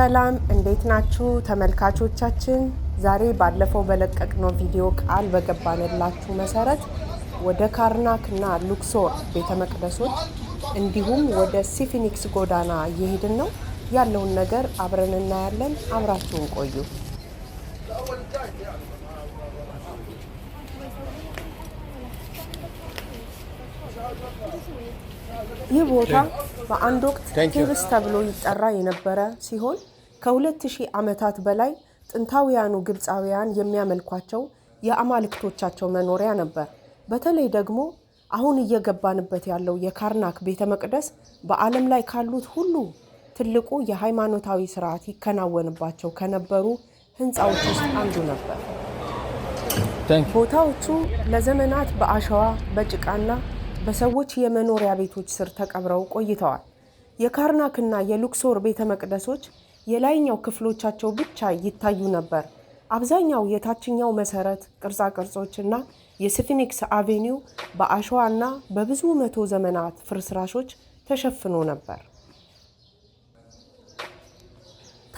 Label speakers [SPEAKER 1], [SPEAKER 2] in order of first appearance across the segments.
[SPEAKER 1] ሰላም እንዴት ናችሁ ተመልካቾቻችን? ዛሬ ባለፈው በለቀቅነው ቪዲዮ ቃል በገባንላችሁ መሰረት ወደ ካርናክ እና ሉክሶር ቤተ መቅደሶች እንዲሁም ወደ ሲፊኒክስ ጎዳና እየሄድን ነው። ያለውን ነገር አብረን እናያለን። አብራችሁን ቆዩ። ይህ ቦታ በአንድ ወቅት ቴብስ ተብሎ ይጠራ የነበረ ሲሆን ከሁለት ሺህ ዓመታት በላይ ጥንታውያኑ ግብፃውያን የሚያመልኳቸው የአማልክቶቻቸው መኖሪያ ነበር። በተለይ ደግሞ አሁን እየገባንበት ያለው የካርናክ ቤተ መቅደስ በዓለም ላይ ካሉት ሁሉ ትልቁ የሃይማኖታዊ ስርዓት ይከናወንባቸው ከነበሩ ህንፃዎች ውስጥ አንዱ ነበር። ቦታዎቹ ለዘመናት በአሸዋ በጭቃና በሰዎች የመኖሪያ ቤቶች ስር ተቀብረው ቆይተዋል። የካርናክና የሉክሶር ቤተ መቅደሶች የላይኛው ክፍሎቻቸው ብቻ ይታዩ ነበር። አብዛኛው የታችኛው መሰረት፣ ቅርጻቅርጾች እና የስፊኒክስ አቬኒው በአሸዋ በብዙ መቶ ዘመናት ፍርስራሾች ተሸፍኖ ነበር።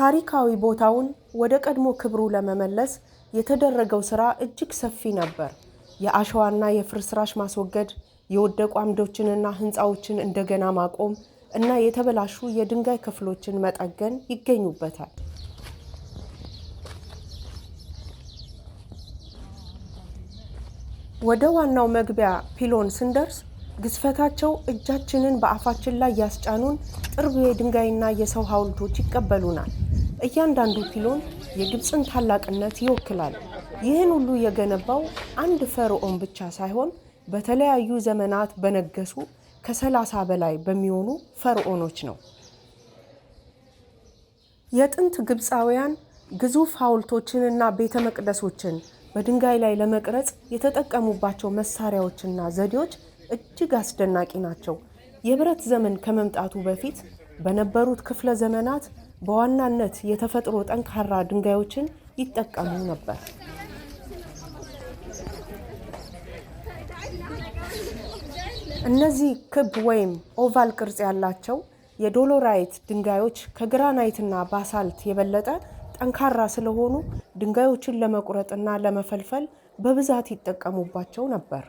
[SPEAKER 1] ታሪካዊ ቦታውን ወደ ቀድሞ ክብሩ ለመመለስ የተደረገው ሥራ እጅግ ሰፊ ነበር። የአሸዋና የፍርስራሽ ማስወገድ የወደቁ አምዶችንና ህንፃዎችን እንደገና ማቆም እና የተበላሹ የድንጋይ ክፍሎችን መጠገን ይገኙበታል። ወደ ዋናው መግቢያ ፒሎን ስንደርስ ግዝፈታቸው እጃችንን በአፋችን ላይ ያስጫኑን ጥርብ የድንጋይና የሰው ሐውልቶች ይቀበሉናል። እያንዳንዱ ፒሎን የግብፅን ታላቅነት ይወክላል። ይህን ሁሉ የገነባው አንድ ፈርዖን ብቻ ሳይሆን በተለያዩ ዘመናት በነገሱ ከሰላሳ በላይ በሚሆኑ ፈርዖኖች ነው። የጥንት ግብፃውያን ግዙፍ ሐውልቶችንና ቤተ መቅደሶችን በድንጋይ ላይ ለመቅረጽ የተጠቀሙባቸው መሳሪያዎችና ዘዴዎች እጅግ አስደናቂ ናቸው። የብረት ዘመን ከመምጣቱ በፊት በነበሩት ክፍለ ዘመናት በዋናነት የተፈጥሮ ጠንካራ ድንጋዮችን ይጠቀሙ ነበር። እነዚህ ክብ ወይም ኦቫል ቅርጽ ያላቸው የዶሎራይት ድንጋዮች ከግራናይትና ባሳልት የበለጠ ጠንካራ ስለሆኑ ድንጋዮችን ለመቁረጥና ለመፈልፈል በብዛት ይጠቀሙባቸው ነበር።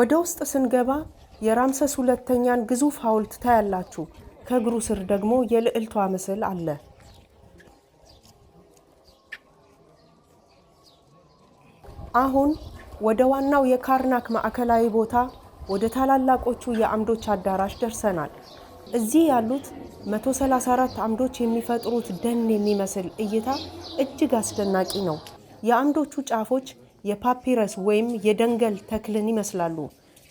[SPEAKER 1] ወደ ውስጥ ስንገባ የራምሰስ ሁለተኛን ግዙፍ ሐውልት ታያላችሁ። ከእግሩ ስር ደግሞ የልዕልቷ ምስል አለ። አሁን ወደ ዋናው የካርናክ ማዕከላዊ ቦታ ወደ ታላላቆቹ የአምዶች አዳራሽ ደርሰናል። እዚህ ያሉት 134 አምዶች የሚፈጥሩት ደን የሚመስል እይታ እጅግ አስደናቂ ነው። የአምዶቹ ጫፎች የፓፒረስ ወይም የደንገል ተክልን ይመስላሉ።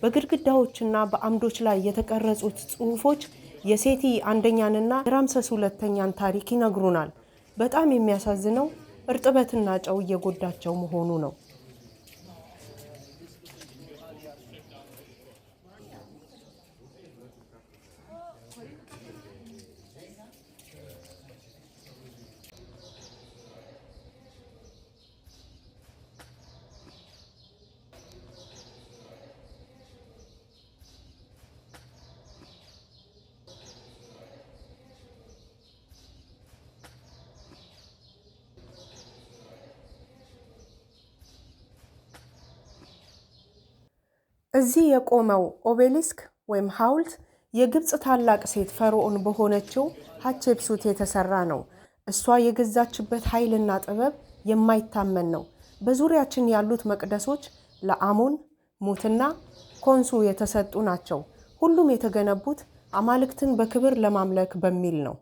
[SPEAKER 1] በግድግዳዎችና በአምዶች ላይ የተቀረጹት ጽሑፎች የሴቲ አንደኛንና የራምሰስ ሁለተኛን ታሪክ ይነግሩናል። በጣም የሚያሳዝነው እርጥበትና ጨው እየጎዳቸው መሆኑ ነው። እዚህ የቆመው ኦቤሊስክ ወይም ሐውልት የግብፅ ታላቅ ሴት ፈርዖን በሆነችው ሀትሼፕሱት የተሰራ ነው። እሷ የገዛችበት ኃይልና ጥበብ የማይታመን ነው። በዙሪያችን ያሉት መቅደሶች ለአሞን፣ ሙትና ኮንሱ የተሰጡ ናቸው። ሁሉም የተገነቡት አማልክትን በክብር ለማምለክ በሚል ነው።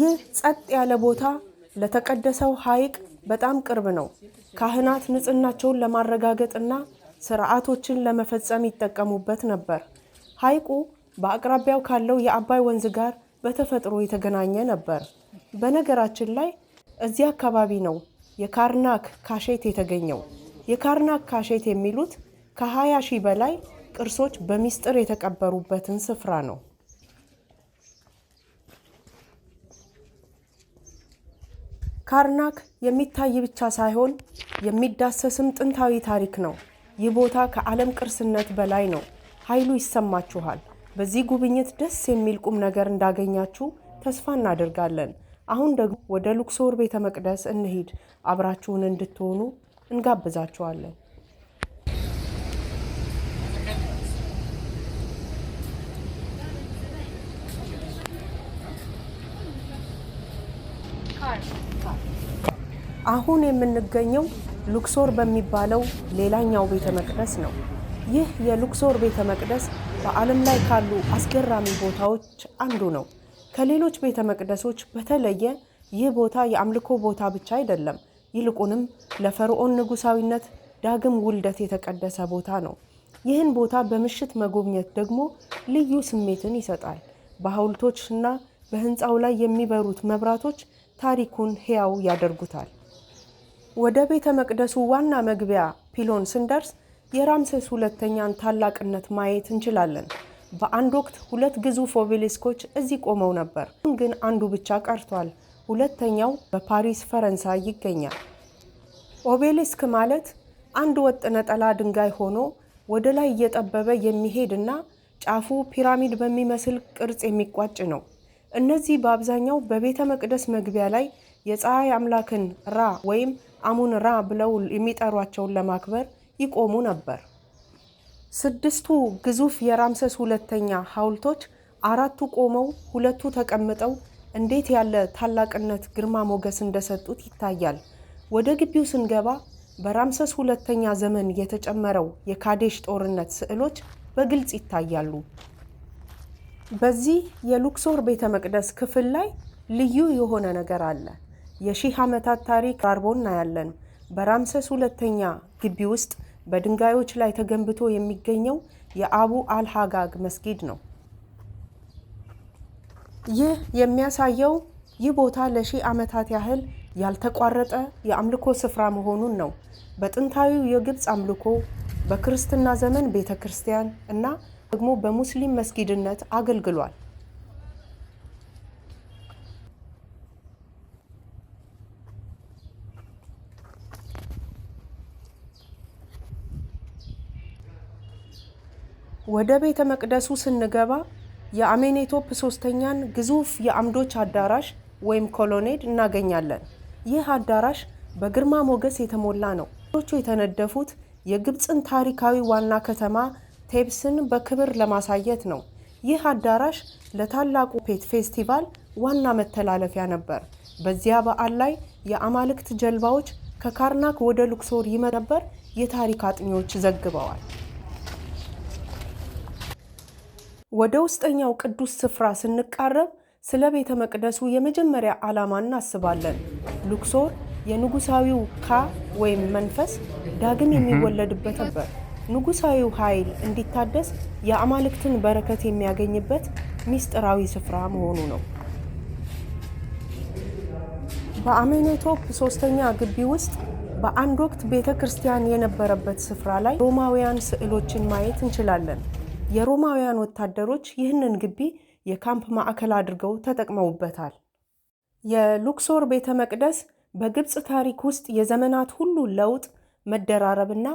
[SPEAKER 1] ይህ ጸጥ ያለ ቦታ ለተቀደሰው ሐይቅ በጣም ቅርብ ነው። ካህናት ንጽህናቸውን ለማረጋገጥና ስርዓቶችን ለመፈጸም ይጠቀሙበት ነበር። ሐይቁ በአቅራቢያው ካለው የአባይ ወንዝ ጋር በተፈጥሮ የተገናኘ ነበር። በነገራችን ላይ እዚህ አካባቢ ነው የካርናክ ካሼት የተገኘው። የካርናክ ካሼት የሚሉት ከ20 ሺህ በላይ ቅርሶች በሚስጥር የተቀበሩበትን ስፍራ ነው። ካርናክ የሚታይ ብቻ ሳይሆን የሚዳሰስም ጥንታዊ ታሪክ ነው። ይህ ቦታ ከዓለም ቅርስነት በላይ ነው። ኃይሉ ይሰማችኋል። በዚህ ጉብኝት ደስ የሚል ቁም ነገር እንዳገኛችሁ ተስፋ እናደርጋለን። አሁን ደግሞ ወደ ሉክሶር ቤተ መቅደስ እንሂድ። አብራችሁን እንድትሆኑ እንጋብዛችኋለን። ካር አሁን የምንገኘው ሉክሶር በሚባለው ሌላኛው ቤተ መቅደስ ነው። ይህ የሉክሶር ቤተ መቅደስ በዓለም ላይ ካሉ አስገራሚ ቦታዎች አንዱ ነው። ከሌሎች ቤተ መቅደሶች በተለየ ይህ ቦታ የአምልኮ ቦታ ብቻ አይደለም፣ ይልቁንም ለፈርዖን ንጉሳዊነት ዳግም ውልደት የተቀደሰ ቦታ ነው። ይህን ቦታ በምሽት መጎብኘት ደግሞ ልዩ ስሜትን ይሰጣል። በሐውልቶች በህንፃው ላይ የሚበሩት መብራቶች ታሪኩን ሕያው ያደርጉታል። ወደ ቤተ መቅደሱ ዋና መግቢያ ፒሎን ስንደርስ የራምሴስ ሁለተኛን ታላቅነት ማየት እንችላለን። በአንድ ወቅት ሁለት ግዙፍ ኦቤሊስኮች እዚህ ቆመው ነበር። አሁን ግን አንዱ ብቻ ቀርቷል። ሁለተኛው በፓሪስ ፈረንሳይ ይገኛል። ኦቤሊስክ ማለት አንድ ወጥ ነጠላ ድንጋይ ሆኖ ወደ ላይ እየጠበበ የሚሄድና ጫፉ ፒራሚድ በሚመስል ቅርጽ የሚቋጭ ነው። እነዚህ በአብዛኛው በቤተ መቅደስ መግቢያ ላይ የፀሐይ አምላክን ራ ወይም አሙን ራ ብለው የሚጠሯቸውን ለማክበር ይቆሙ ነበር። ስድስቱ ግዙፍ የራምሰስ ሁለተኛ ሐውልቶች አራቱ ቆመው ሁለቱ ተቀምጠው እንዴት ያለ ታላቅነት ግርማ ሞገስ እንደሰጡት ይታያል። ወደ ግቢው ስንገባ በራምሰስ ሁለተኛ ዘመን የተጨመረው የካዴሽ ጦርነት ስዕሎች በግልጽ ይታያሉ። በዚህ የሉክሶር ቤተ መቅደስ ክፍል ላይ ልዩ የሆነ ነገር አለ። የሺህ ዓመታት ታሪክ ቀርቦ እናያለን። በራምሰስ ሁለተኛ ግቢ ውስጥ በድንጋዮች ላይ ተገንብቶ የሚገኘው የአቡ አልሃጋግ መስጊድ ነው። ይህ የሚያሳየው ይህ ቦታ ለሺህ ዓመታት ያህል ያልተቋረጠ የአምልኮ ስፍራ መሆኑን ነው። በጥንታዊው የግብፅ አምልኮ፣ በክርስትና ዘመን ቤተ ክርስቲያን እና ደግሞ በሙስሊም መስጊድነት አገልግሏል። ወደ ቤተ መቅደሱ ስንገባ የአሜኔቶፕ ሶስተኛን ግዙፍ የአምዶች አዳራሽ ወይም ኮሎኔድ እናገኛለን። ይህ አዳራሽ በግርማ ሞገስ የተሞላ ነው። ዶቹ የተነደፉት የግብፅን ታሪካዊ ዋና ከተማ ቴብስን በክብር ለማሳየት ነው። ይህ አዳራሽ ለታላቁ ፔት ፌስቲቫል ዋና መተላለፊያ ነበር። በዚያ በዓል ላይ የአማልክት ጀልባዎች ከካርናክ ወደ ሉክሶር ይመጡ ነበር፣ የታሪክ አጥኚዎች ዘግበዋል። ወደ ውስጠኛው ቅዱስ ስፍራ ስንቃረብ ስለ ቤተ መቅደሱ የመጀመሪያ ዓላማ እናስባለን። ሉክሶር የንጉሳዊው ካ ወይም መንፈስ ዳግም የሚወለድበት ነበር። ንጉሳዊው ኃይል እንዲታደስ የአማልክትን በረከት የሚያገኝበት ሚስጥራዊ ስፍራ መሆኑ ነው። በአሜኔቶፕ ሶስተኛ ግቢ ውስጥ በአንድ ወቅት ቤተ ክርስቲያን የነበረበት ስፍራ ላይ ሮማውያን ስዕሎችን ማየት እንችላለን። የሮማውያን ወታደሮች ይህንን ግቢ የካምፕ ማዕከል አድርገው ተጠቅመውበታል። የሉክሶር ቤተ መቅደስ በግብፅ ታሪክ ውስጥ የዘመናት ሁሉ ለውጥ፣ መደራረብና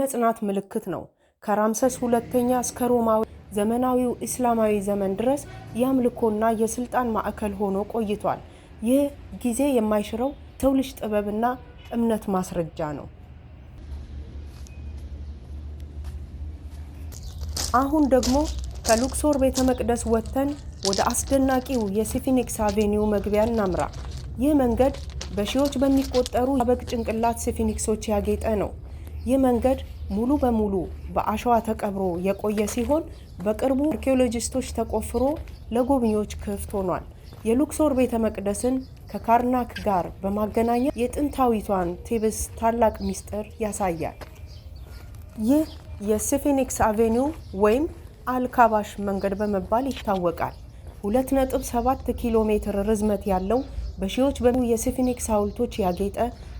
[SPEAKER 1] መጽናት ምልክት ነው። ከራምሰስ ሁለተኛ እስከ ሮማዊ ዘመናዊው እስላማዊ ዘመን ድረስ የአምልኮና የስልጣን ማዕከል ሆኖ ቆይቷል። ይህ ጊዜ የማይሽረው ሰው ልጅ ጥበብና እምነት ማስረጃ ነው። አሁን ደግሞ ከሉክሶር ቤተ መቅደስ ወጥተን ወደ አስደናቂው የሲፊኒክስ አቬኒው መግቢያ እናምራ። ይህ መንገድ በሺዎች በሚቆጠሩ የበግ ጭንቅላት ሲፊኒክሶች ያጌጠ ነው። ይህ መንገድ ሙሉ በሙሉ በአሸዋ ተቀብሮ የቆየ ሲሆን በቅርቡ አርኪኦሎጂስቶች ተቆፍሮ ለጎብኚዎች ክፍት ሆኗል። የሉክሶር ቤተ መቅደስን ከካርናክ ጋር በማገናኘት የጥንታዊቷን ቴብስ ታላቅ ምስጢር ያሳያል። ይህ የሲፊኒክስ አቬኒው ወይም አልካባሽ መንገድ በመባል ይታወቃል። 2.7 ኪሎ ሜትር ርዝመት ያለው በሺዎች በሚ የስፊኒክስ ሐውልቶች ያጌጠ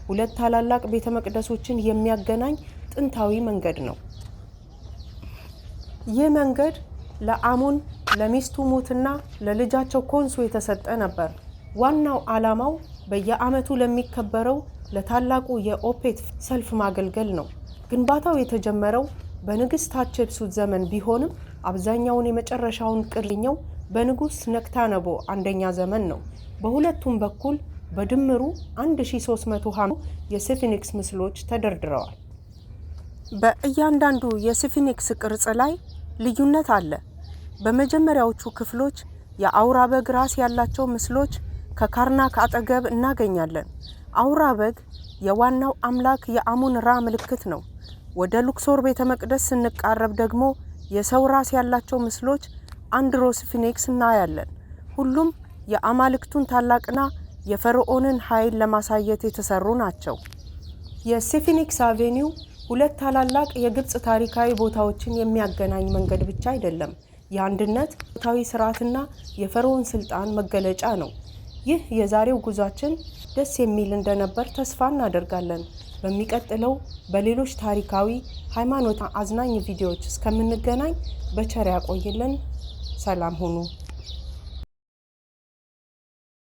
[SPEAKER 1] ሁለት ታላላቅ ቤተ መቅደሶችን የሚያገናኝ ጥንታዊ መንገድ ነው። ይህ መንገድ ለአሙን ለሚስቱ ሞትና ለልጃቸው ኮንሶ የተሰጠ ነበር። ዋናው ዓላማው በየዓመቱ ለሚከበረው ለታላቁ የኦፔት ሰልፍ ማገልገል ነው። ግንባታው የተጀመረው በንግስት hatshepsut ዘመን ቢሆንም አብዛኛውን የመጨረሻውን ቅሪኛው በንጉስ ነክታነቦ አንደኛ ዘመን ነው። በሁለቱም በኩል በድምሩ 1350 የስፊንክስ ምስሎች ተደርድረዋል። በእያንዳንዱ የስፊንክስ ቅርጽ ላይ ልዩነት አለ። በመጀመሪያዎቹ ክፍሎች የአውራ በግ ራስ ያላቸው ምስሎች ከካርናክ አጠገብ እናገኛለን። አውራ በግ የዋናው አምላክ የአሙን ራ ምልክት ነው። ወደ ሉክሶር ቤተ መቅደስ ስንቃረብ ደግሞ የሰው ራስ ያላቸው ምስሎች አንድሮስ ፊኔክስ እናያለን። ሁሉም የአማልክቱን ታላቅና የፈርዖንን ኃይል ለማሳየት የተሰሩ ናቸው። የሲፊኒክስ አቬኒው ሁለት ታላላቅ የግብፅ ታሪካዊ ቦታዎችን የሚያገናኝ መንገድ ብቻ አይደለም። የአንድነት ቦታዊ ስርዓትና የፈርዖን ስልጣን መገለጫ ነው። ይህ የዛሬው ጉዟችን ደስ የሚል እንደነበር ተስፋ እናደርጋለን። በሚቀጥለው በሌሎች ታሪካዊ ሃይማኖት አዝናኝ ቪዲዮዎች እስከምንገናኝ በቸር ያቆይልን። ሰላም ሁኑ።